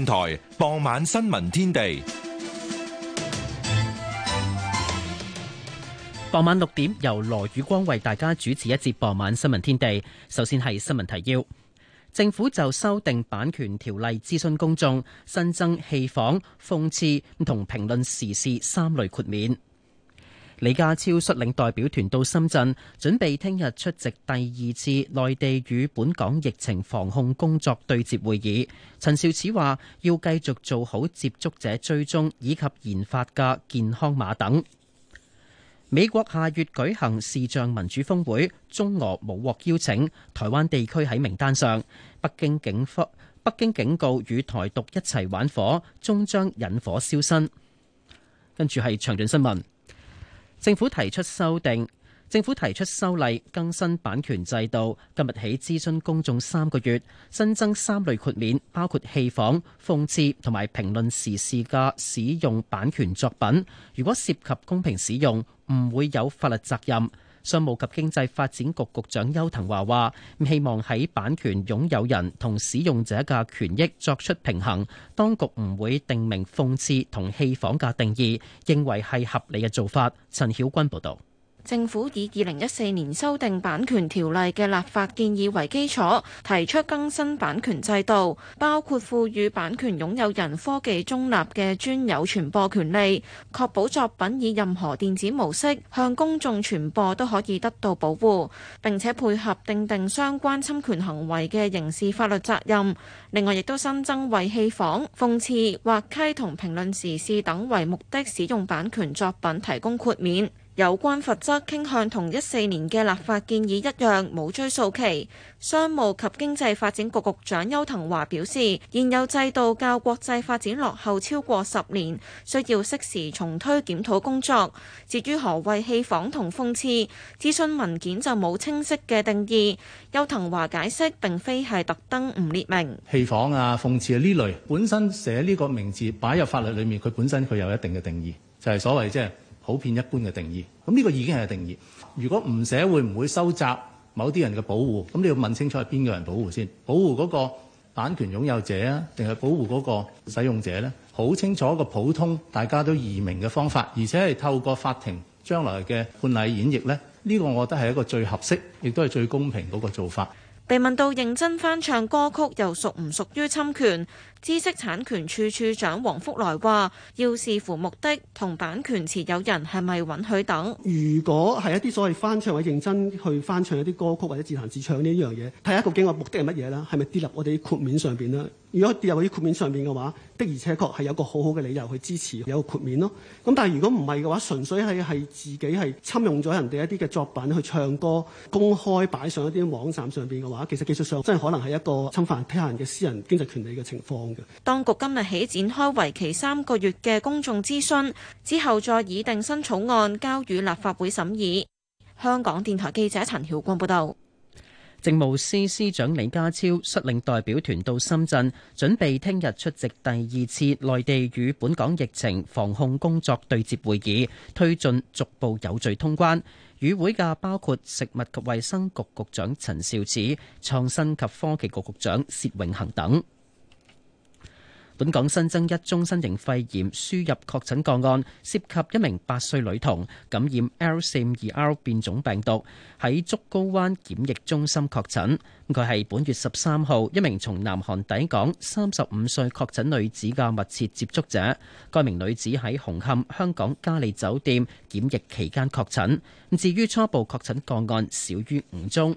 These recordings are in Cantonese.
電台傍晚新聞天地，傍晚六點由羅宇光為大家主持一節傍晚新聞天地。首先係新聞提要，政府就修訂版權條例諮詢公眾，新增戲仿、諷刺同評論時事三類豁免。李家超率領代表團到深圳，準備聽日出席第二次內地與本港疫情防控工作對接會議。陳肇始話：要繼續做好接觸者追蹤以及研發嘅健康碼等。美國下月舉行視像民主峰會，中俄冇獲邀請，台灣地區喺名單上。北京警方北京警告：與台獨一齊玩火，終將引火燒身。跟住係詳盡新聞。政府提出修定，政府提出修例更新版權制度。今日起諮詢公眾三個月，新增三類豁免，包括戲仿、諷刺同埋評論時事嘅使用版權作品。如果涉及公平使用，唔會有法律責任。商務及經濟發展局局長邱騰華話：希望喺版權擁有人同使用者嘅權益作出平衡，當局唔會定名諷刺同戲仿嘅定義，認為係合理嘅做法。陳曉君報道。政府以二零一四年修訂版權條例嘅立法建議為基礎，提出更新版權制度，包括賦予版權擁有人科技中立嘅專有傳播權利，確保作品以任何電子模式向公眾傳播都可以得到保護。並且配合訂定，定相關侵權行為嘅刑事法律責任。另外，亦都新增為戲仿、諷刺、滑稽同評論時事等為目的使用版權作品提供豁免。有關罰則傾向同一四年嘅立法建議一樣，冇追訴期。商務及經濟發展局局長邱騰華表示，現有制度較國際發展落後超過十年，需要適時重推檢討工作。至於何謂戲仿同諷刺，諮詢文件就冇清晰嘅定義。邱騰華解釋，並非係特登唔列明戲仿啊、諷刺啊呢類，本身寫呢個名字擺入法律裡面，佢本身佢有一定嘅定義，就係、是、所謂即係。普遍一般嘅定義，咁呢個已經係定義，如果唔寫會唔會收窄某啲人嘅保護，咁你要問清楚係邊個人保護先？保護嗰個版權擁有者啊，定係保護嗰個使用者咧？好清楚一個普通大家都易明嘅方法，而且係透過法庭將來嘅判例演繹咧，呢個我覺得係一個最合適亦都係最公平嗰個做法。被問到認真翻唱歌曲又屬唔屬於侵權？知識產權處處長黃福來話，要視乎目的同版權持有人係咪允許等。如果係一啲所謂翻唱或者認真去翻唱一啲歌曲或者自彈自唱呢一樣嘢，睇一個嘅目的係乜嘢呢？係咪跌入我哋啲豁免上邊呢？如果跌入嗰啲豁免上邊嘅話，的而且確係有個好好嘅理由去支持有個豁免咯。咁但係如果唔係嘅話，純粹係係自己係侵用咗人哋一啲嘅作品去唱歌，公開擺上一啲網站上邊嘅話，其實技術上真係可能係一個侵犯他人嘅私人經濟權利嘅情況。當局今日起展開為期三個月嘅公眾諮詢，之後再擬定新草案交予立法會審議。香港電台記者陳曉光報道。政務司司長李家超率領代表團到深圳，準備聽日出席第二次內地與本港疫情防控工作對接會議，推進逐步有序通關。與會嘅包括食物及衛生局局，局長陳肇始、創新及科技局局長薛永恒等。本港新增一宗新型肺炎輸入確診個案，涉及一名八歲女童，感染 L452R 變種病毒，喺竹篙灣檢疫中心確診，佢係本月十三號一名從南韓抵港三十五歲確診女子嘅密切接觸者。該名女子喺紅磡香港嘉利酒店檢疫期間確診，至於初步確診個案少於五宗。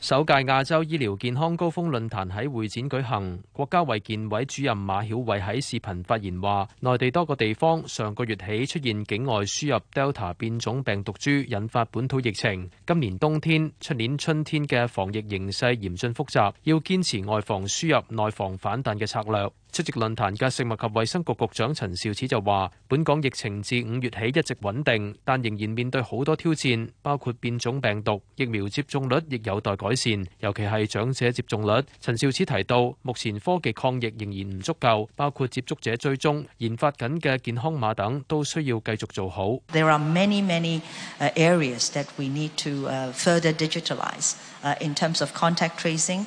首屆亞洲醫療健康高峰論壇喺會展舉行，國家衛健委主任馬曉偉喺視頻發言話：內地多個地方上個月起出現境外輸入 Delta 變種病毒株，引發本土疫情。今年冬天，出年春天嘅防疫形勢嚴峻複雜，要堅持外防輸入、內防反彈嘅策略。出席論壇嘅食物及衛生局局長陳肇始就話：本港疫情自五月起一直穩定，但仍然面對好多挑戰，包括變種病毒、疫苗接種率亦有待改善，尤其係長者接種率。陳肇始提到，目前科技抗疫仍然唔足夠，包括接觸者追蹤、研發緊嘅健康碼等，都需要繼續做好。There are many, many areas that we need to further digitalize in terms of contact tracing.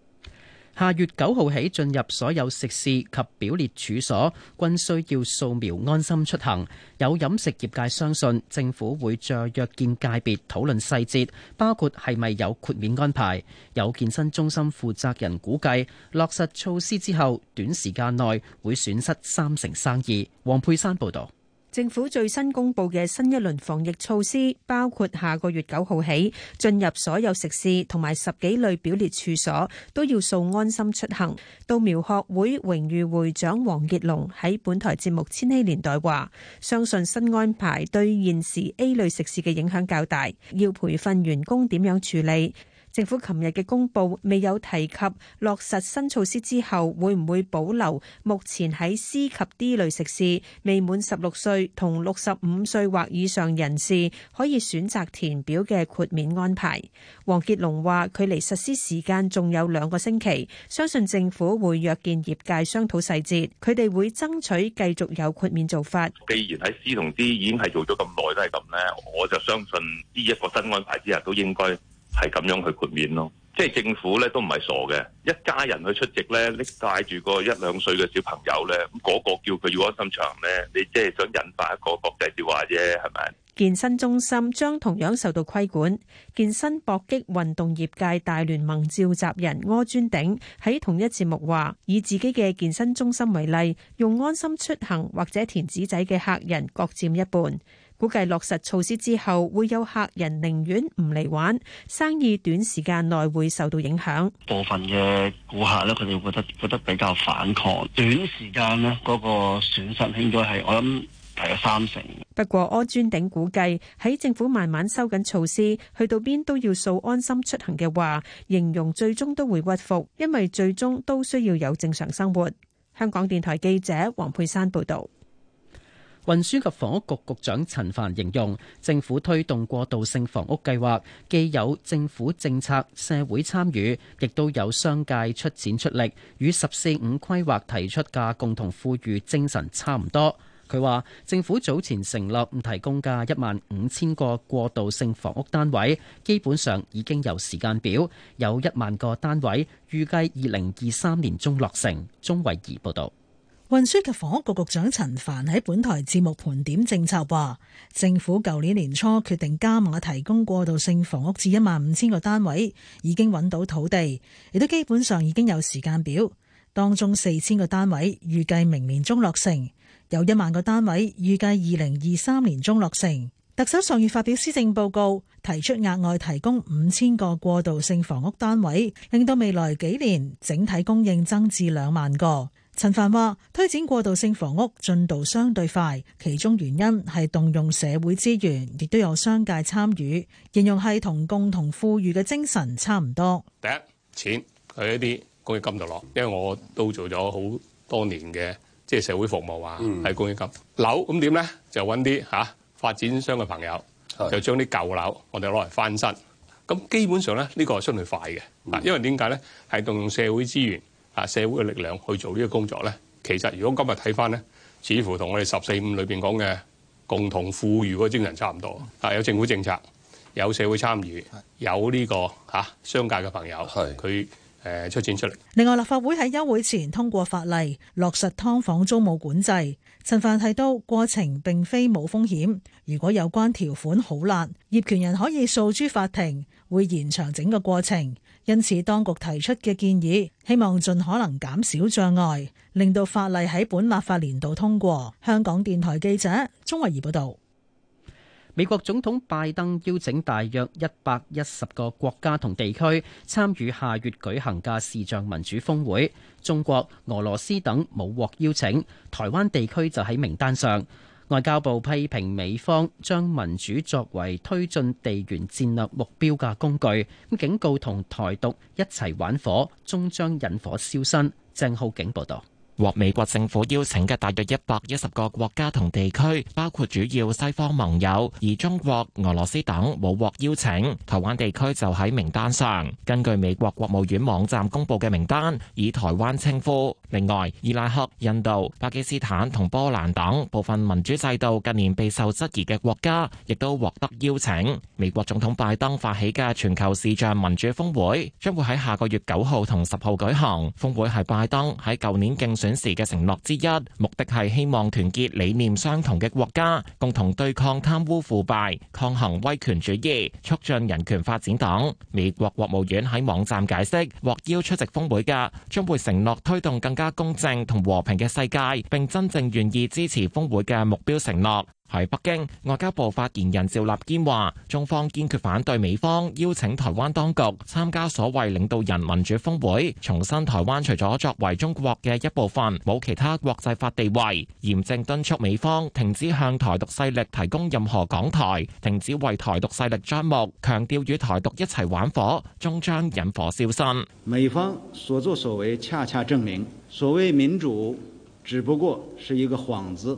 下月九號起進入所有食肆及表列處所，均需要掃描安心出行。有飲食業界相信政府會再約見界別討論細節，包括係咪有豁免安排。有健身中心負責人估計，落實措施之後，短時間內會損失三成生意。黃佩珊報導。政府最新公布嘅新一輪防疫措施，包括下個月九號起，進入所有食肆同埋十幾類表列處所都要掃安心出行。到苗學會榮譽會長黃傑龍喺本台節目《千禧年代》話，相信新安排對現時 A 類食肆嘅影響較大，要培訓員工點樣處理。政府琴日嘅公布未有提及落實新措施之後會唔會保留目前喺 C 及 D 類食肆未滿十六歲同六十五歲或以上人士可以選擇填表嘅豁免安排。王杰龍話：距離實施時間仲有兩個星期，相信政府會約見業界商討細節，佢哋會爭取繼續有豁免做法。既然喺 C 同 D 已經係做咗咁耐都係咁咧，我就相信呢一個新安排之下都應該。係咁樣去豁免咯，即係政府咧都唔係傻嘅，一家人去出席咧，拎帶住個一兩歲嘅小朋友咧，嗰個叫佢要安心場咧，你即係想引發一個國際笑話啫，係咪？健身中心將同樣受到規管，健身搏擊運動業界大聯盟召集人柯尊鼎喺同一節目話，以自己嘅健身中心為例，用安心出行或者填紙仔嘅客人各佔一半。估計落實措施之後，會有客人寧願唔嚟玩，生意短時間內會受到影響。部分嘅顧客呢，佢哋覺得覺得比較反抗，短時間呢，嗰個損失應該係我諗係有三成。不過柯尊鼎估計喺政府慢慢收緊措施，去到邊都要掃安心出行嘅話，形容最終都會屈服，因為最終都需要有正常生活。香港電台記者黃佩珊報道。運輸及房屋局局長陳帆形容，政府推動過渡性房屋計劃，既有政府政策、社會參與，亦都有商界出錢出力，與十四五規劃提出嘅共同富裕精神差唔多。佢話，政府早前承諾唔提供嘅一萬五千個過渡性房屋單位，基本上已經有時間表，有一萬個單位，預計二零二三年中落成。鍾偉儀報道。運輸及房屋局局長陳帆喺本台節目盤點政策，話政府舊年年初決定加碼提供過渡性房屋至一萬五千個單位，已經揾到土地，亦都基本上已經有時間表。當中四千個單位預計明年中落成，有一萬個單位預計二零二三年中落成。特首上月發表施政報告，提出額外提供五千個過渡性房屋單位，令到未來幾年整體供應增至兩萬個。陳凡話，推展過渡性房屋進度相對快，其中原因係動用社會資源，亦都有商界參與，形容係同共同富裕嘅精神差唔多。第一，錢去一啲公益金度攞，因為我都做咗好多年嘅，即係社會服務啊，喺公益金。樓，咁點咧，就揾啲吓發展商嘅朋友，是就將啲舊樓我哋攞嚟翻新，咁基本上咧呢、這個係相對快嘅，嗯、因為點解咧係動用社會資源。啊！社會嘅力量去做呢個工作呢。其實如果今日睇翻呢，似乎同我哋十四五裏邊講嘅共同富裕個精神差唔多。啊，有政府政策，有社會參與，有呢個嚇商界嘅朋友，佢誒出錢出力。是另外，立法會喺休會前通過法例，落實劏房租務管制。陳帆提到，過程並非冇風險，如果有關條款好辣，業權人可以訴諸法庭，會延長整個過程。因此，當局提出嘅建議，希望盡可能減少障礙，令到法例喺本立法年度通過。香港電台記者鍾慧儀報道。美國總統拜登邀請大約一百一十個國家同地區參與下月舉行嘅視像民主峰會，中國、俄羅斯等冇獲邀請，台灣地區就喺名單上。外交部批評美方將民主作為推進地緣戰略目標嘅工具，咁警告同台獨一齊玩火，終將引火燒身。鄭浩景報道。獲美國政府邀請嘅大約一百一十個國家同地區，包括主要西方盟友，而中國、俄羅斯等冇獲邀請。台灣地區就喺名單上。根據美國國務院網站公布嘅名單，以台灣稱呼。另外，伊拉克、印度、巴基斯坦同波蘭等部分民主制度近年備受質疑嘅國家，亦都獲得邀請。美國總統拜登發起嘅全球視像民主峰會，將會喺下個月九號同十號舉行。峰會係拜登喺舊年競選。時嘅承諾之一，目的係希望團結理念相同嘅國家，共同對抗貪污腐敗、抗衡威權主義、促進人權發展等。美國國務院喺網站解釋，獲邀出席峰會嘅，將會承諾推動更加公正同和平嘅世界，並真正願意支持峰會嘅目標承諾。喺北京，外交部發言人趙立堅話，中方堅決反對美方邀請台灣當局參加所謂領導人民主峰會，重申台灣除咗作為中國嘅一部分，冇其他國際法地位，嚴正敦促美方停止向台獨勢力提供任何港台，停止為台獨勢力張目，強調與台獨一齊玩火，終將引火燒身。美方所作所為恰恰證明所謂民主，只不過是一個幌子。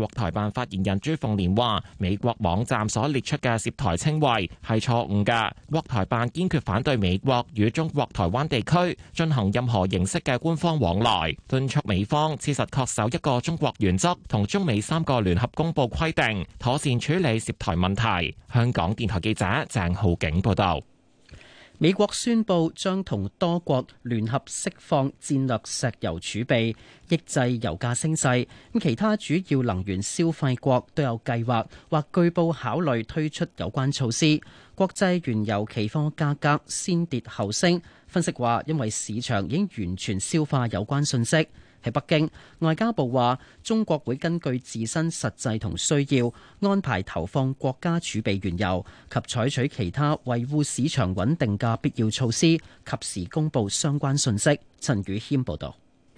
國台辦發言人朱鳳蓮話：美國網站所列出嘅涉台稱謂係錯誤嘅，國台辦堅決反對美國與中國台灣地區進行任何形式嘅官方往來，敦促美方切實恪守一個中國原則同中美三個聯合公報規定，妥善處理涉台問題。香港電台記者鄭浩景報道。美國宣布將同多國聯合釋放戰略石油儲備，抑制油價升勢。咁其他主要能源消費國都有計劃或據報考慮推出有關措施。國際原油期貨價格先跌後升，分析話因為市場已經完全消化有關信息。喺北京，外交部話中國會根據自身實際同需要安排投放國家儲備原油及採取其他維護市場穩定嘅必要措施，及時公佈相關信息。陳宇謙報道。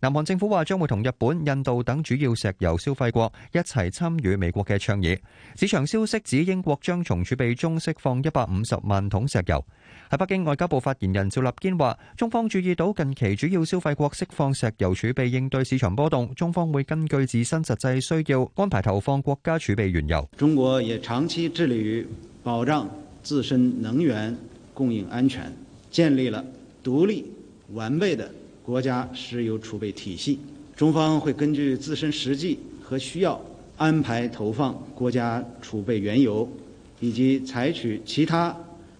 南韓政府話將會同日本、印度等主要石油消費國一齊參與美國嘅倡議。市場消息指英國將從儲備中釋放一百五十萬桶石油。喺北京外交部發言人趙立堅話：中方注意到近期主要消費國釋放石油儲備應對市場波動，中方會根據自身實際需要安排投放國家儲備原油。中國也長期致力於保障自身能源供應安全，建立了獨立完備的國家石油儲備體系，中方會根據自身實際和需要安排投放國家儲備原油，以及採取其他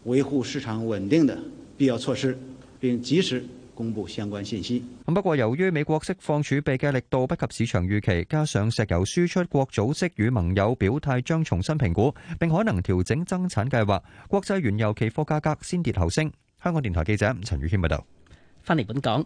維護市場穩定的必要措施，並及時公布相關信息。咁，不過由於美國釋放儲備嘅力度不及市場預期，加上石油輸出國組織與盟友表態將重新評估，並可能調整增產計劃，國際原油期貨價格先跌後升。香港電台記者陳宇謙報道。翻嚟本港。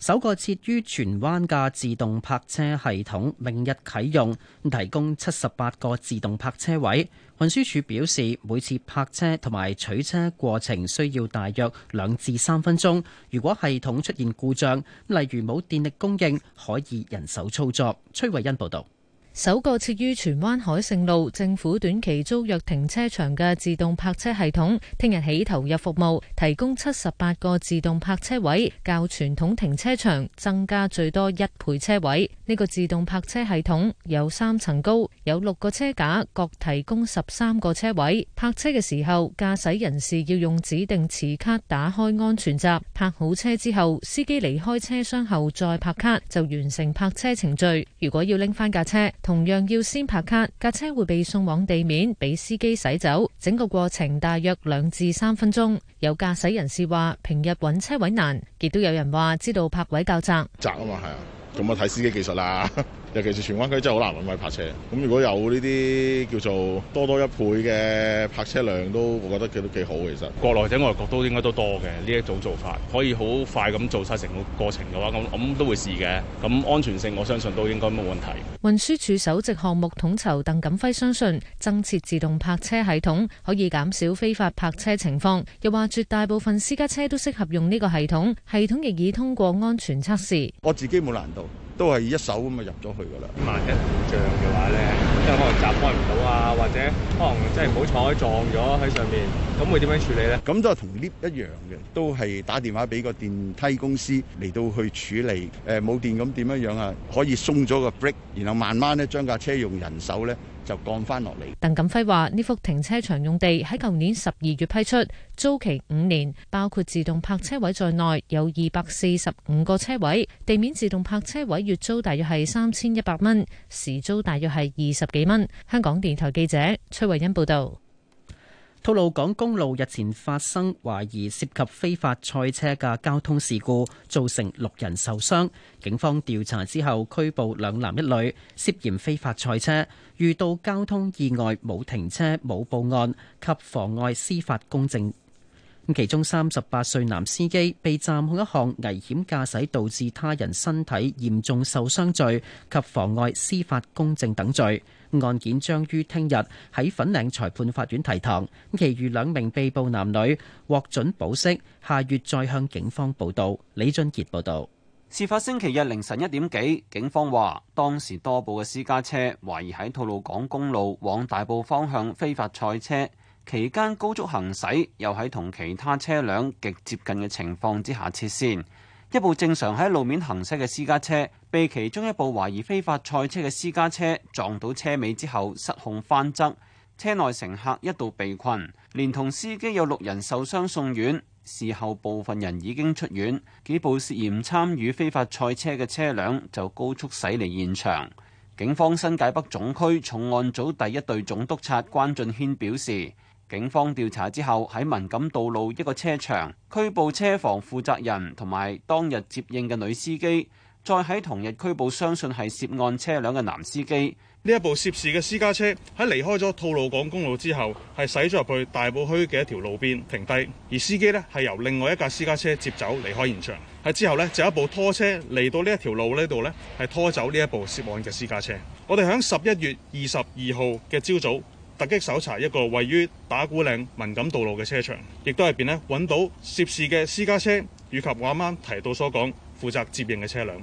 首個設於荃灣嘅自動泊車系統明日啟用，提供七十八個自動泊車位。運輸署表示，每次泊車同埋取車過程需要大約兩至三分鐘。如果系統出現故障，例如冇電力供應，可以人手操作。崔慧欣報道。首個設於荃灣海盛路政府短期租約停車場嘅自動泊車系統，聽日起投入服務，提供七十八個自動泊車位，較傳統停車場增加最多一倍車位。呢、這個自動泊車系統有三層高，有六個車架，各提供十三個車位。泊車嘅時候，駕駛人士要用指定持卡打開安全閘，泊好車之後，司機離開車廂後再拍卡，就完成泊車程序。如果要拎翻架車，同樣要先拍卡，架車會被送往地面，俾司機洗走。整個過程大約兩至三分鐘。有駕駛人士話，平日揾車位難，亦都有人話知道泊位較窄。窄啊嘛，係啊，咁我睇司機技術啦。 尤其是荃灣區真係好難揾位泊車，咁如果有呢啲叫做多多一倍嘅泊車量，都我覺得佢都幾好其實。國內者外國都應該都多嘅呢一種做法，可以好快咁做晒成個過程嘅話，咁咁都會試嘅。咁安全性我相信都應該冇問題。運輸署首席項目統籌鄧錦輝相信增設自動泊車系統可以減少非法泊車情況，又話絕大部分私家車都適合用呢個系統，系統亦已通過安全測試。我自己冇難度。都係一手咁啊，入咗去噶啦。萬一故障嘅話咧，即係可能閘開唔到啊，或者可能即係唔好彩撞咗喺上面，咁會點樣處理咧？咁都係同 lift 一樣嘅，都係打電話俾個電梯公司嚟到去處理。誒冇電咁點樣樣啊？可以鬆咗個 brake，然後慢慢咧將架車用人手咧。就降翻落嚟。鄧錦輝話，呢幅停車場用地喺舊年十二月批出，租期五年，包括自動泊車位在內有二百四十五個車位，地面自動泊車位月租大約係三千一百蚊，時租大約係二十幾蚊。香港電台記者崔慧欣報道。吐露港公路日前發生懷疑涉，涉及非法賽車嘅交通事故，造成六人受傷。警方調查之後拘捕兩男一女，涉嫌非法賽車、遇到交通意外冇停車冇報案及妨礙司法公正。其中三十八歲男司機被暫控一項危險駕駛導致他人身體嚴重受傷罪及妨礙司法公正等罪。案件將於聽日喺粉嶺裁判法院提堂。其餘兩名被捕男女獲准保釋，下月再向警方報到。李俊傑報導。事發星期日凌晨一點幾，警方話當時多部嘅私家車懷疑喺吐露港公路往大埔方向非法賽車，期間高速行駛，又喺同其他車輛極接近嘅情況之下切線。一部正常喺路面行駛嘅私家車被其中一部懷疑非法賽車嘅私家車撞到車尾之後失控翻側，車內乘客一度被困，連同司機有六人受傷送院。事後部分人已經出院，幾部涉嫌參與非法賽車嘅車輛就高速駛離現場。警方新界北總區重案組第一隊總督察關俊軒表示。警方調查之後，喺文錦道路一個車場拘捕車房負責人同埋當日接應嘅女司機，再喺同日拘捕相信係涉案車輛嘅男司機。呢一部涉事嘅私家車喺離開咗吐露港公路之後，係駛咗入去大埔區嘅一條路邊停低，而司機呢，係由另外一架私家車接走離開現場。喺之後呢，就有一部拖車嚟到呢一條路呢度呢係拖走呢一部涉案嘅私家車。我哋響十一月二十二號嘅朝早。突擊搜查一個位於打鼓嶺文錦渡路嘅車場，亦都喺邊咧揾到涉事嘅私家車，以及我啱啱提到所講負責接應嘅車輛。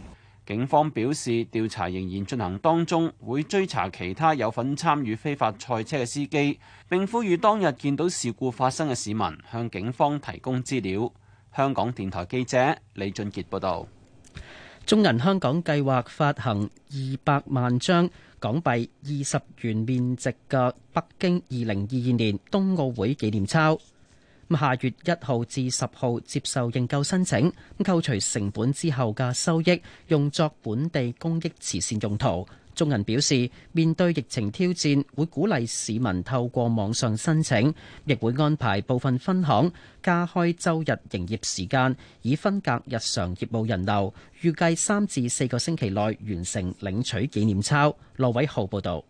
警方表示調查仍然進行當中，會追查其他有份參與非法賽車嘅司機，並呼籲當日見到事故發生嘅市民向警方提供資料。香港電台記者李俊傑報道。中銀香港計劃發行二百萬張港幣二十元面值嘅北京二零二二年冬奧會紀念鈔，下月一號至十號接受認購申請，扣除成本之後嘅收益用作本地公益慈善用途。中銀表示，面對疫情挑戰，會鼓勵市民透過網上申請，亦會安排部分分行加開週日營業時間，以分隔日常業務人流。預計三至四個星期內完成領取紀念鈔。羅偉浩報導。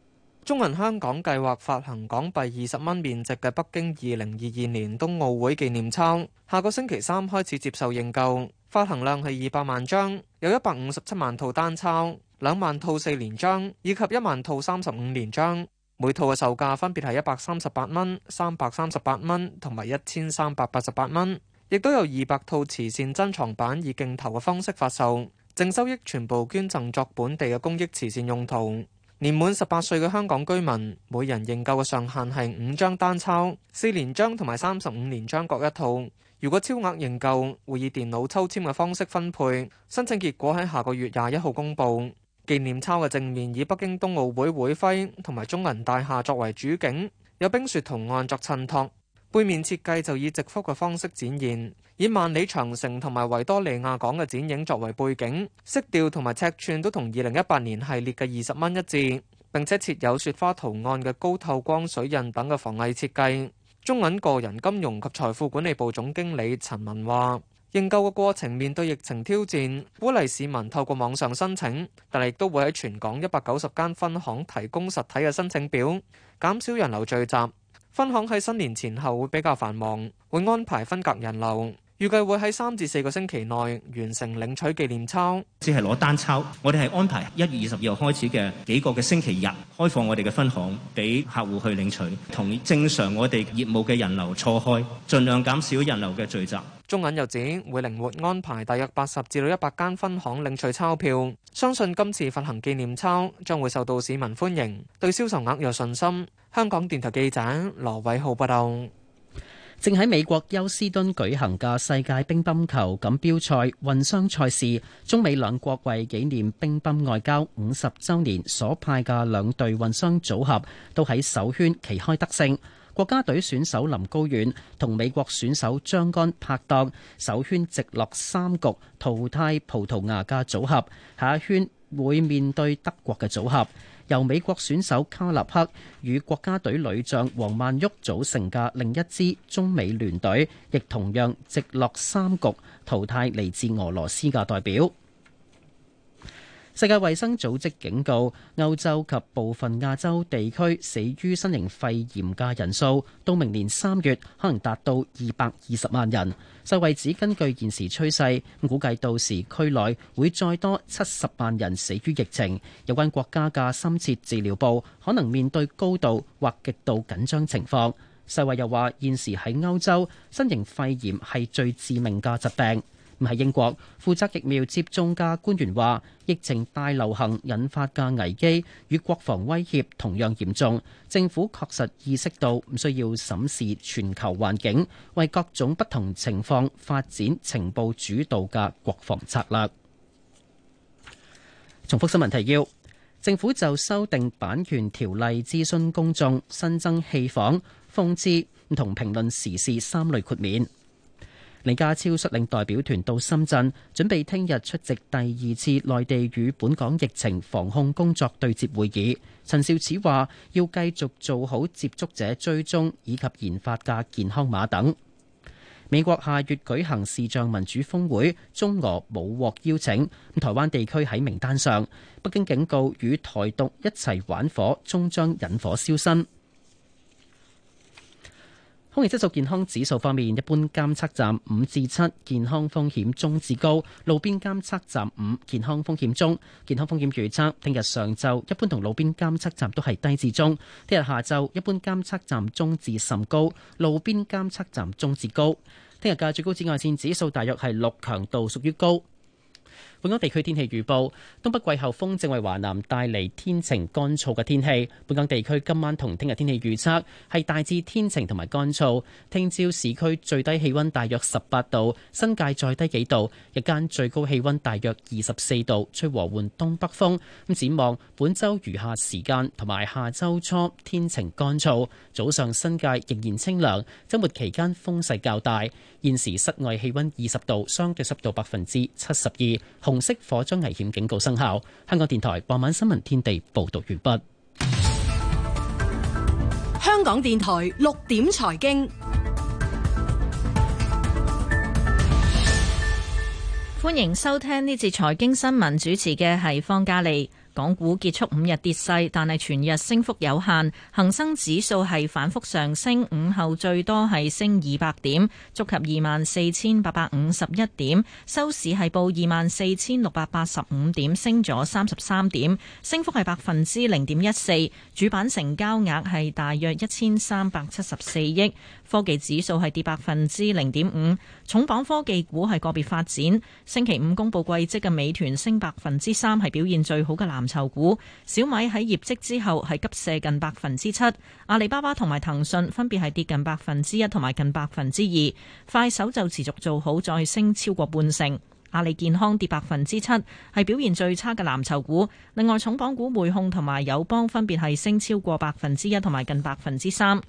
中銀香港計劃發行港幣二十蚊面值嘅北京二零二二年冬奧會紀念鈔，下個星期三開始接受認購，發行量係二百萬張，有一百五十七萬套單鈔。兩萬套四連張以及一萬套三十五連張，每套嘅售價分別係一百三十八蚊、三百三十八蚊同埋一千三百八十八蚊，亦都有二百套慈善珍藏版以競投嘅方式發售，淨收益全部捐贈作本地嘅公益慈善用途。年滿十八歲嘅香港居民，每人認購嘅上限係五張單鈔、四連張同埋三十五連張各一套。如果超額認購，會以電腦抽籤嘅方式分配。申請結果喺下個月廿一號公布。紀念鈔嘅正面以北京冬奧會會徽同埋中銀大廈作為主景，有冰雪圖案作襯托。背面設計就以直幅嘅方式展現，以萬里長城同埋維多利亞港嘅剪影作為背景，色調同埋尺寸都同二零一八年系列嘅二十蚊一致。並且設有雪花圖案嘅高透光水印等嘅防偽設計。中銀個人金融及財富管理部總經理陳文話。認購嘅過程面對疫情挑戰，鼓勵市民透過網上申請，但係亦都會喺全港一百九十間分行提供實體嘅申請表，減少人流聚集。分行喺新年前後會比較繁忙，會安排分隔人流。預計會喺三至四個星期內完成領取紀念鈔，只係攞單鈔。我哋係安排一月二十二號開始嘅幾個嘅星期日開放我哋嘅分行俾客戶去領取，同正常我哋業務嘅人流錯開，盡量減少人流嘅聚集。中銀又指會靈活安排大約八十至到一百間分行領取鈔票，相信今次發行紀念鈔將會受到市民歡迎，對銷售額有信心。香港電台記者羅偉浩報道。正喺美國休斯敦舉行嘅世界乒乓球錦標賽混雙賽事，中美兩國為紀念乒乓外交五十週年所派嘅兩隊混雙組合，都喺首圈旗開得勝。國家隊選手林高遠同美國選手張安拍檔，首圈直落三局淘汰葡萄牙嘅組合，下一圈會面對德國嘅組合。由美國選手卡納克與國家隊女將王曼旭組成嘅另一支中美聯隊，亦同樣直落三局淘汰嚟自俄羅斯嘅代表。世界衛生組織警告，歐洲及部分亞洲地區死於新型肺炎嘅人數，到明年三月可能達到二百二十萬人。世衛指根據現時趨勢，估計到時區內會再多七十萬人死於疫情。有關國家嘅深切治療部可能面對高度或極度緊張情況。世衛又話，現時喺歐洲，新型肺炎係最致命嘅疾病。唔係英國負責疫苗接種嘅官員話，疫情大流行引發嘅危機與國防威脅同樣嚴重。政府確實意識到唔需要審視全球環境，為各種不同情況發展情報主導嘅國防策略。重複新聞提要：政府就修訂版權條例諮詢公眾，新增戲仿、諷刺唔同評論時事三類豁免。李家超率領代表團到深圳，準備聽日出席第二次內地與本港疫情防控工作對接會議。陳肇始話要繼續做好接觸者追蹤以及研發嘅健康碼等。美國下月舉行視像民主峰會，中俄冇獲邀請。台灣地區喺名單上，北京警告與台獨一齊玩火，終將引火燒身。空氣質素健康指數方面，一般監測站五至七，健康風險中至高；路邊監測站五，健康風險中。健康風險預測：聽日上晝一般同路邊監測站都係低至中；聽日下晝一般監測站中至甚高，路邊監測站中至高。聽日嘅最高紫外線指數大約係六，強度屬於高。本港地區天氣預報：東北季候風正為華南帶嚟天晴乾燥嘅天氣。本港地區今晚同聽日天氣預測係大致天晴同埋乾燥。聽朝市區最低氣溫大約十八度，新界再低幾度。日間最高氣溫大約二十四度，吹和緩東北風。咁展望本周餘下時間同埋下周初天晴乾燥，早上新界仍然清涼。周末期間風勢較大。現時室外氣溫二十度，相對濕度百分之七十二。紅色火災危險警告生效。香港電台傍晚新聞天地報道完畢。香港電台六點財經，歡迎收聽呢節財經新聞，主持嘅係方嘉利。港股結束五日跌勢，但係全日升幅有限。恒生指數係反覆上升，午後最多係升二百點，觸及二萬四千八百五十一點。收市係報二萬四千六百八十五點，升咗三十三點，升幅係百分之零點一四。主板成交額係大約一千三百七十四億。科技指數係跌百分之零點五，重磅科技股係個別發展。星期五公布季績嘅美團升百分之三，係表現最好嘅藍籌股，小米喺業績之後係急瀉近百分之七，阿里巴巴同埋騰訊分別係跌近百分之一同埋近百分之二，快手就持續做好再升超過半成，阿里健康跌百分之七係表現最差嘅藍籌股。另外，重磅股匯控同埋友邦分別係升超過百分之一同埋近百分之三。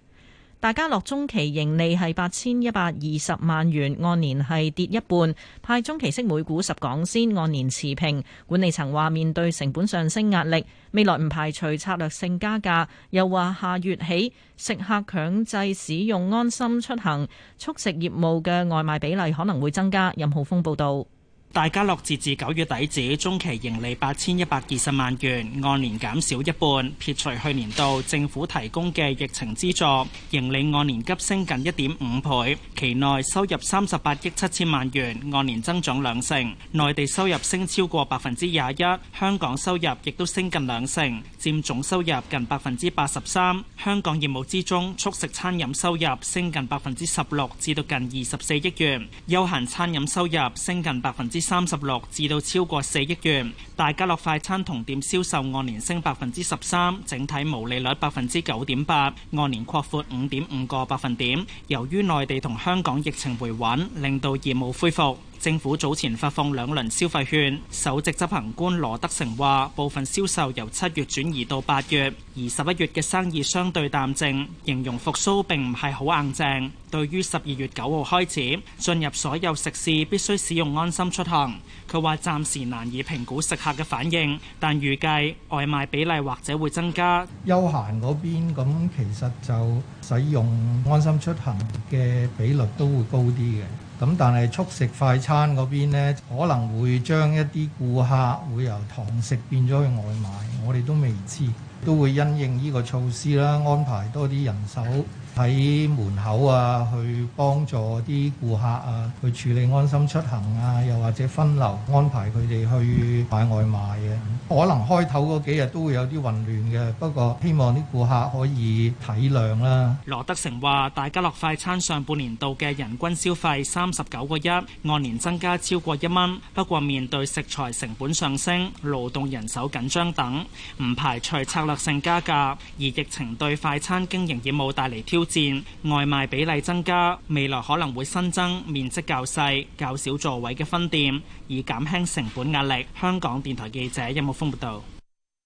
大家樂中期盈利係八千一百二十萬元，按年係跌一半，派中期息每股十港仙，按年持平。管理層話面對成本上升壓力，未來唔排除策略性加價，又話下月起食客強制使用安心出行，速食業務嘅外賣比例可能會增加。任浩峰報道。大家樂截至九月底止，中期盈利八千一百二十萬元，按年減少一半。撇除去年度政府提供嘅疫情資助，盈利按年急升近一點五倍。期內收入三十八億七千萬元，按年增長兩成。內地收入升超過百分之廿一，香港收入亦都升近兩成。佔總收入近百分之八十三，香港業務之中，速食餐飲收入升近百分之十六，至到近二十四億元，休閒餐飲收入升近百分之三十六，至到超過四億元。大家樂快餐同店銷售按年升百分之十三，整體毛利率百分之九點八，按年擴闊五點五個百分點。由於內地同香港疫情回穩，令到業務恢復。政府早前發放兩輪消費券，首席執行官羅德成話部分銷售由七月轉移到八月，而十一月嘅生意相對淡靜，形容復蘇並唔係好硬淨。對於十二月九號開始進入所有食肆必須使用安心出行，佢話暫時難以評估食客嘅反應，但預計外賣比例或者會增加。休閒嗰邊咁其實就使用安心出行嘅比率都會高啲嘅。咁但係速食快餐嗰邊呢，可能會將一啲顧客會由堂食變咗去外賣，我哋都未知，都會因應呢個措施啦，安排多啲人手。喺門口啊，去幫助啲顧客啊，去處理安心出行啊，又或者分流安排佢哋去買外賣嘅。可能開頭嗰幾日都會有啲混亂嘅，不過希望啲顧客可以體諒啦。羅德成話大家樂快餐上半年度嘅人均消費三十九個一，按年增加超過一蚊。不過面對食材成本上升、勞動人手緊張等，唔排除策略性加價，而疫情對快餐經營業務帶嚟挑。佔外賣比例增加，未來可能會新增面積較細、較少座位嘅分店，以減輕成本壓力。香港電台記者任木峰報道。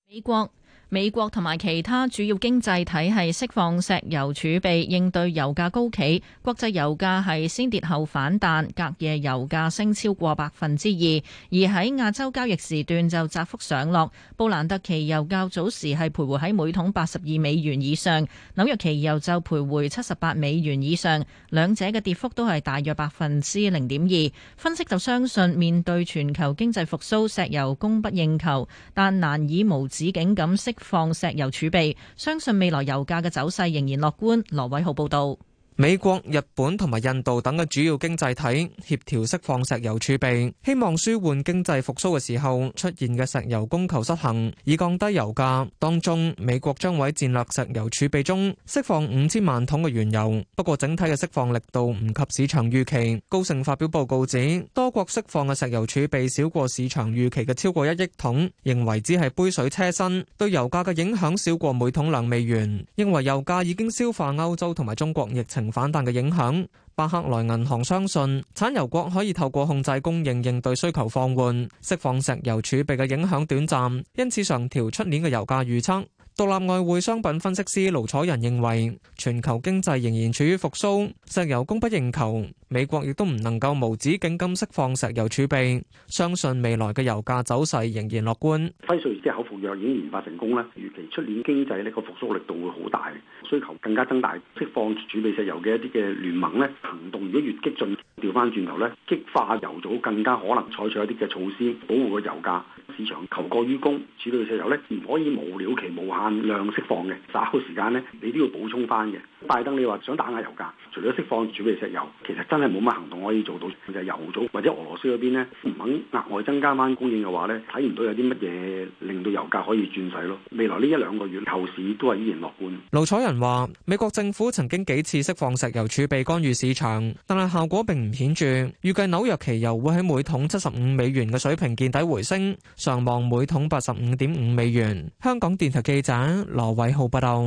美國。美國同埋其他主要經濟體係釋放石油儲備，應對油價高企，國際油價係先跌後反彈，隔夜油價升超過百分之二，而喺亞洲交易時段就窄幅上落。布蘭特期油較早時係徘徊喺每桶八十二美元以上，紐約期油就徘徊七十八美元以上，兩者嘅跌幅都係大約百分之零點二。分析就相信面對全球經濟復甦，石油供不應求，但難以無止境咁釋。放石油儲備，相信未來油價嘅走勢仍然樂觀，羅偉豪報道。美國、日本同埋印度等嘅主要經濟體協調釋放石油儲備，希望舒緩經濟復甦嘅時候出現嘅石油供求失衡，以降低油價。當中，美國將喺戰略石油儲備中釋放五千萬桶嘅原油，不過整體嘅釋放力度唔及市場預期。高盛發表報告指，多國釋放嘅石油儲備少過市場預期嘅超過一億桶，認為只係杯水車薪，對油價嘅影響少過每桶兩美元。認為油價已經消化歐洲同埋中國疫情反彈嘅影響，巴克萊銀行相信產油國可以透過控制供應應對需求放緩，釋放石油儲備嘅影響短暫，因此上調出年嘅油價預測。獨立外匯商品分析師盧楚仁認為，全球經濟仍然處於復蘇，石油供不應求，美國亦都唔能夠無止境金釋放石油儲備，相信未來嘅油價走勢仍然樂觀。輝瑞啲口服藥已經研發成功啦，預期出年經濟呢個復蘇力度會好大，需求更加增大，釋放儲備石油嘅一啲嘅聯盟咧行動，如果越激進，調翻轉頭咧，激化油組更加可能採取一啲嘅措施保護個油價。市場求過於供，處理石油咧唔可以無了期、無限量釋放嘅，稍後時間咧，你都要補充翻嘅。拜登你話想打壓油價，除咗釋放儲備石油，其實真係冇乜行動可以做到。就係油組或者俄羅斯嗰邊咧，唔肯額外增加翻供應嘅話呢，睇唔到有啲乜嘢令到油價可以轉勢咯。未來呢一兩個月，後市都係依然樂觀。盧彩仁話：美國政府曾經幾次釋放石油儲備干預市場，但係效果並唔顯著。預計紐約期油會喺每桶七十五美元嘅水平見底回升，上望每桶八十五點五美元。香港電台記者羅偉浩報道。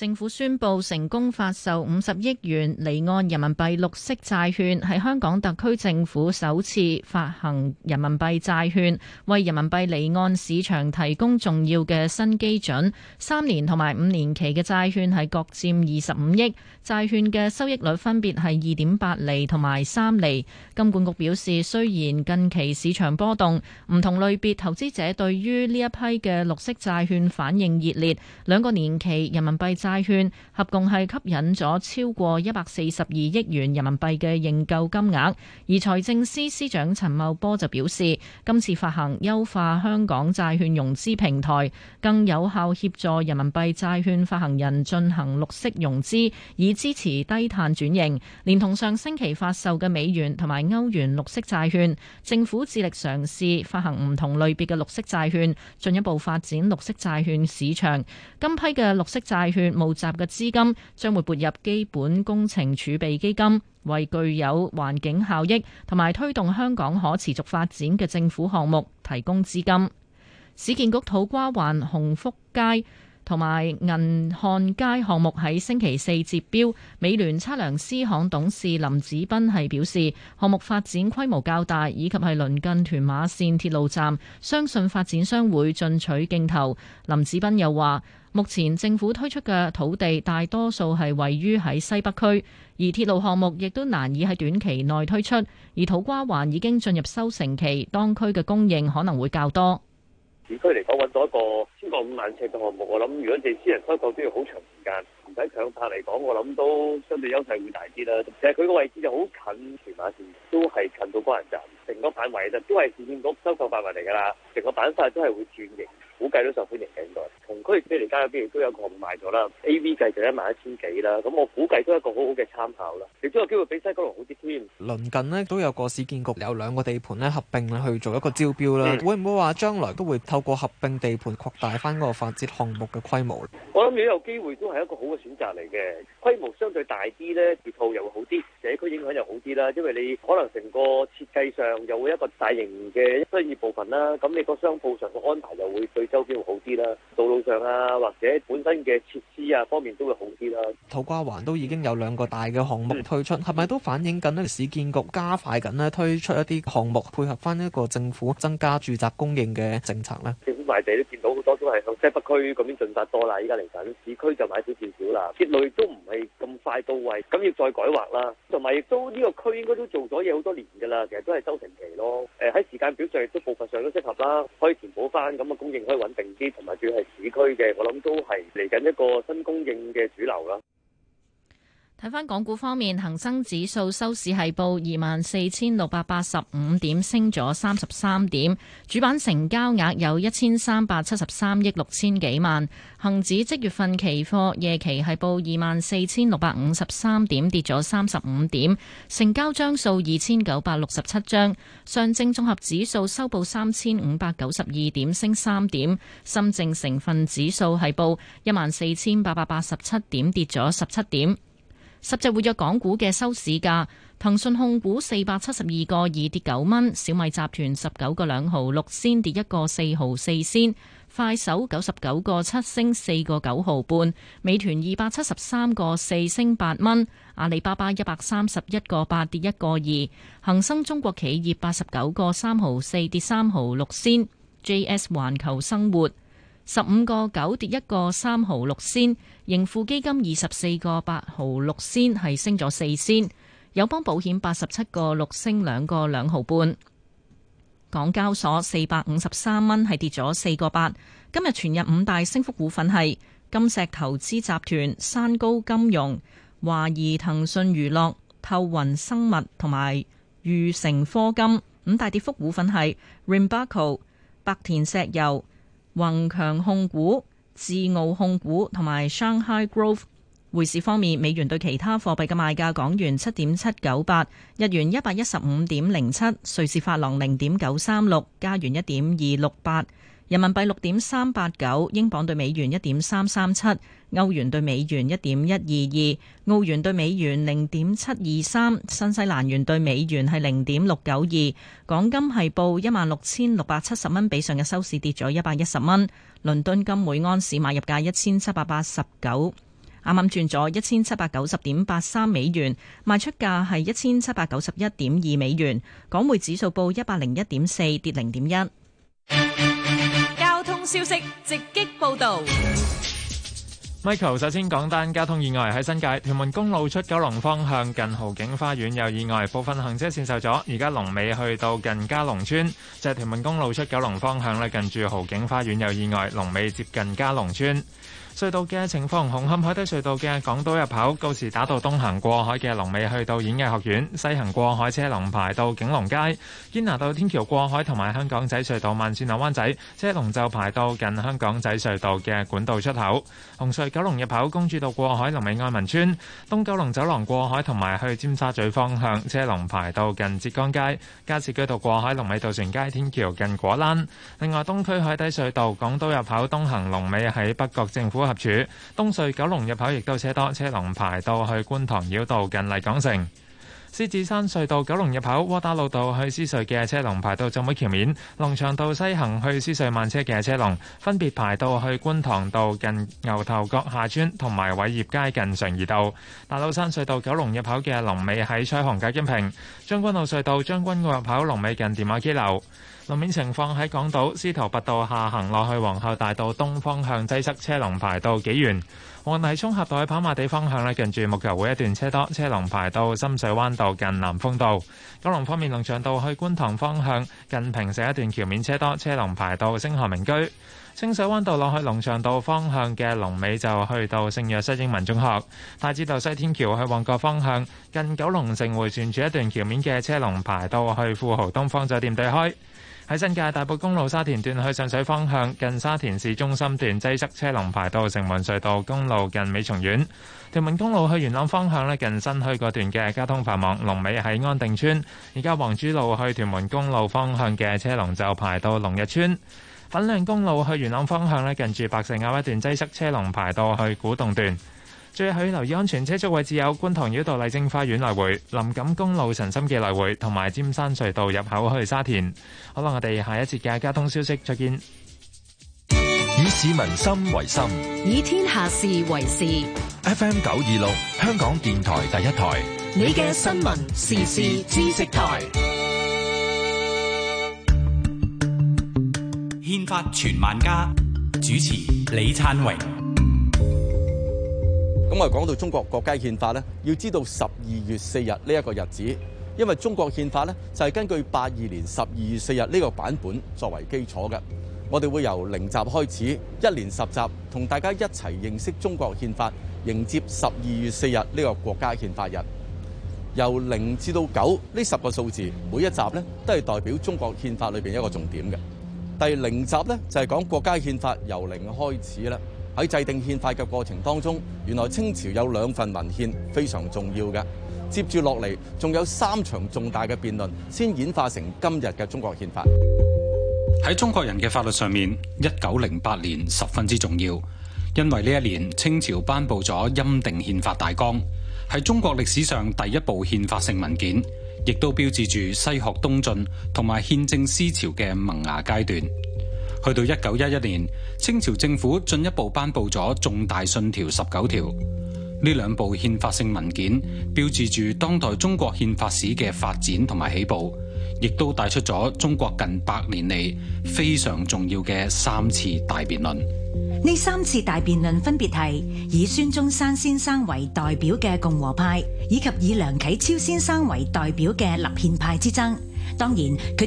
政府宣布成功發售五十億元離岸人民幣綠色債券，係香港特區政府首次發行人民幣債券，為人民幣離岸市場提供重要嘅新基準。三年同埋五年期嘅債券係各佔二十五億，債券嘅收益率分別係二點八厘同埋三厘。金管局表示，雖然近期市場波動，唔同類別投資者對於呢一批嘅綠色債券反應熱烈，兩個年期人民幣債債券合共係吸引咗超過一百四十二億元人民幣嘅認購金額，而財政司司長陳茂波就表示，今次發行優化香港債券融資平台，更有效協助人民幣債券發行人進行綠色融資，以支持低碳轉型。連同上星期發售嘅美元同埋歐元綠色債券，政府致力嘗試發行唔同類別嘅綠色債券，進一步發展綠色債券市場。今批嘅綠色債券，募集嘅資金將會撥入基本工程儲備基金，為具有環境效益同埋推動香港可持續發展嘅政府項目提供資金。市建局土瓜灣鴻福街同埋銀漢街項目喺星期四截標，美聯測量師行董事林子斌係表示，項目發展規模較大，以及係鄰近屯馬線鐵路站，相信發展商會進取競投。林子斌又話，目前政府推出嘅土地大多數係位於喺西北區，而鐵路項目亦都難以喺短期內推出，而土瓜灣已經進入收成期，當區嘅供應可能會較多。市區嚟講揾到一個超過五萬尺嘅項目，我諗如果你私人收購都要好長時間，唔使強拍嚟講，我諗都相對優勢會大啲啦。其實佢個位置就好近荃馬線，都係近到關人站，成個範圍就都係市建局收購範圍嚟㗎啦，成個板塊都係會轉型。估計都受歡迎嘅應該，同區非利街入邊都有個賣咗啦，A V 計就一萬一千幾啦，咁我估計都係一個好好嘅參考啦，亦都有機會比西九龍好啲添。鄰近咧都有個市建局有兩個地盤咧合併去做一個招標啦，嗯、會唔會話將來都會透過合併地盤擴大翻嗰個發展項目嘅規模？我諗如有機會都係一個好嘅選擇嚟嘅，規模相對大啲咧，住套又會好啲。社區影響又好啲啦，因為你可能成個設計上又會一個大型嘅商業部分啦，咁你個商鋪上嘅安排又會對周邊會好啲啦，道路上啊或者本身嘅設施啊方面都會好啲啦。土瓜環都已經有兩個大嘅項目推出，係咪、嗯、都反映緊呢？市建局加快緊呢推出一啲項目，配合翻一個政府增加住宅供應嘅政策呢？政府賣地都見到好多都係向西北區嗰邊進發多啦，依家嚟緊市區就買少轉少啦，結論都唔係咁快到位，咁要再改劃啦。同埋亦都呢個區應該都做咗嘢好多年㗎啦，其實都係收成期咯。誒、呃、喺時間表上亦都步伐上都適合啦，可以填補翻咁嘅供應，可以穩定啲。同埋主要係市區嘅，我諗都係嚟緊一個新供應嘅主流啦。睇翻港股方面，恒生指數收市係報二萬四千六百八十五點，升咗三十三點。主板成交額有一千三百七十三億六千幾萬。恒指即月份期貨夜期係報二萬四千六百五十三點，跌咗三十五點，成交張數二千九百六十七張。上證綜合指數收報三千五百九十二點，升三點。深證成分指數係報一萬四千八百八十七點，跌咗十七點。十隻活躍港股嘅收市價：騰訊控股四百七十二個二跌九蚊，小米集團十九個兩毫六仙跌一個四毫四仙，快手九十九個七升四個九毫半，美團二百七十三個四升八蚊，阿里巴巴一百三十一個八跌一個二，恒生中國企業八十九個三毫四跌三毫六仙，JS 環球生活。十五個九跌一個三毫六仙，盈富基金二十四個八毫六仙，係升咗四仙。友邦保險八十七個六升兩個兩毫半。港交所四百五十三蚊，係跌咗四個八。今日全日五大升幅股份係金石投資集團、山高金融、華誼騰訊娛樂、透雲生物同埋裕成科金。五大跌幅股份係 Rimbaco 百田石油。宏強控股、智奧控股同埋 Shanghai Growth。匯市方面，美元對其他貨幣嘅賣價：港元七點七九八，日元一百一十五點零七，瑞士法郎零點九三六，加元一點二六八。人民幣六點三八九，英鎊兌美元一點三三七，歐元兌美元一點一二二，澳元兌美元零點七二三，新西蘭元兌美元係零點六九二。港金係報一萬六千六百七十蚊，比上日收市跌咗一百一十蚊。倫敦金每安士買入價一千七百八十九，啱啱轉咗一千七百九十點八三美元，賣出價係一千七百九十一點二美元。港匯指數報一百零一點四，跌零點一。消息直擊報道，Michael 首先講單交通意外，喺新界屯門公路出九龍方向近豪景花園有意外，部分行車線受阻，而家龍尾去到近加龍村。就係屯門公路出九龍方向咧，近住豪景花園有意外，龍尾接近加龍村。隧道嘅情況：紅磡海底隧道嘅港島入口，告士打道東行過海嘅龍尾去到演藝學院，西行過海車龍排到景隆街；堅拿道天橋過海同埋香港仔隧道慢線落灣仔，車龍就排到近香港仔隧道嘅管道出口。紅隧九龍入口，公主道過海龍尾愛民村，東九龍走廊過海同埋去尖沙咀方向車龍排到近浙江街；加士居道過海龍尾渡船街天橋近果欄。另外，東區海底隧道港島入口，東行龍尾喺北角政府。高合處，東隧九龍入口亦都車多，車龍排到去觀塘繞道近麗港城。獅子山隧道九龍入口窩打老道去獅隧嘅車龍排到浸會橋面，龍翔道西行去獅隧慢車嘅車龍分別排到去觀塘道近牛頭角下村同埋偉業街近常怡道。大老山隧道九龍入口嘅龍尾喺彩虹隔音屏。將軍澳隧道將軍澳入口龍尾近電話機樓。路面情況喺港島司徒拔道下行落去皇后大道東方向擠塞，車龍排到幾遠。黃泥涌峽道去跑馬地方向咧，近住木球會一段車多，車龍排到深水灣道近南風道。九龍方面，龍翔道去觀塘方向近平石一段橋面車多，車龍排到星河名居。清水灣道落去龍翔道方向嘅龍尾就去到聖若瑟英文中學。太子道西天橋去旺角方向近九龍城迴旋處一段橋面嘅車龍排到去富豪東方酒店對開。對喺新界大埔公路沙田段去上水方向，近沙田市中心段擠塞，車龍排到城門隧道公路近美松苑。屯門公路去元朗方向咧，近新墟個段嘅交通繁忙，龍尾喺安定村。而家黃珠路去屯門公路方向嘅車龍就排到龍日村。粉嶺公路去元朗方向咧，近住白石坳一段擠塞，車龍排到去古洞段。最後要留意安全車速位置有觀塘繞道麗晶花園來回、林錦公路神心嘅來回，同埋尖山隧道入口去沙田。好啦，我哋下一節嘅交通消息再見。以市民心為心，以天下事為事。F.M. 九二六，香港電台第一台。你嘅新聞時事知識台。憲法全萬家，主持李燦榮。咁啊，講到中國國家憲法咧，要知道十二月四日呢一個日子，因為中國憲法咧就係根據八二年十二月四日呢個版本作為基礎嘅。我哋會由零集開始，一連十集，同大家一齊認識中國憲法，迎接十二月四日呢個國家憲法日。由零至到九呢十個數字，每一集咧都係代表中國憲法裏邊一個重點嘅。第零集咧就係講國家憲法由零開始啦。喺制定憲法嘅過程當中，原來清朝有兩份文獻非常重要嘅。接住落嚟，仲有三場重大嘅辯論，先演化成今日嘅中國憲法。喺中國人嘅法律上面，一九零八年十分之重要，因為呢一年清朝頒布咗《欽定憲法大綱》，係中國歷史上第一部憲法性文件，亦都標誌住西學東進同埋憲政思潮嘅萌芽階段。去到一九一一年，清朝政府進一步頒布咗重大信條十九條，呢兩部憲法性文件，標誌住當代中國憲法史嘅發展同埋起步，亦都帶出咗中國近百年嚟，非常重要嘅三次大辯論。呢三次大辯論分別係以孫中山先生為代表嘅共和派，以及以梁啟超先生為代表嘅立憲派之爭。當然佢。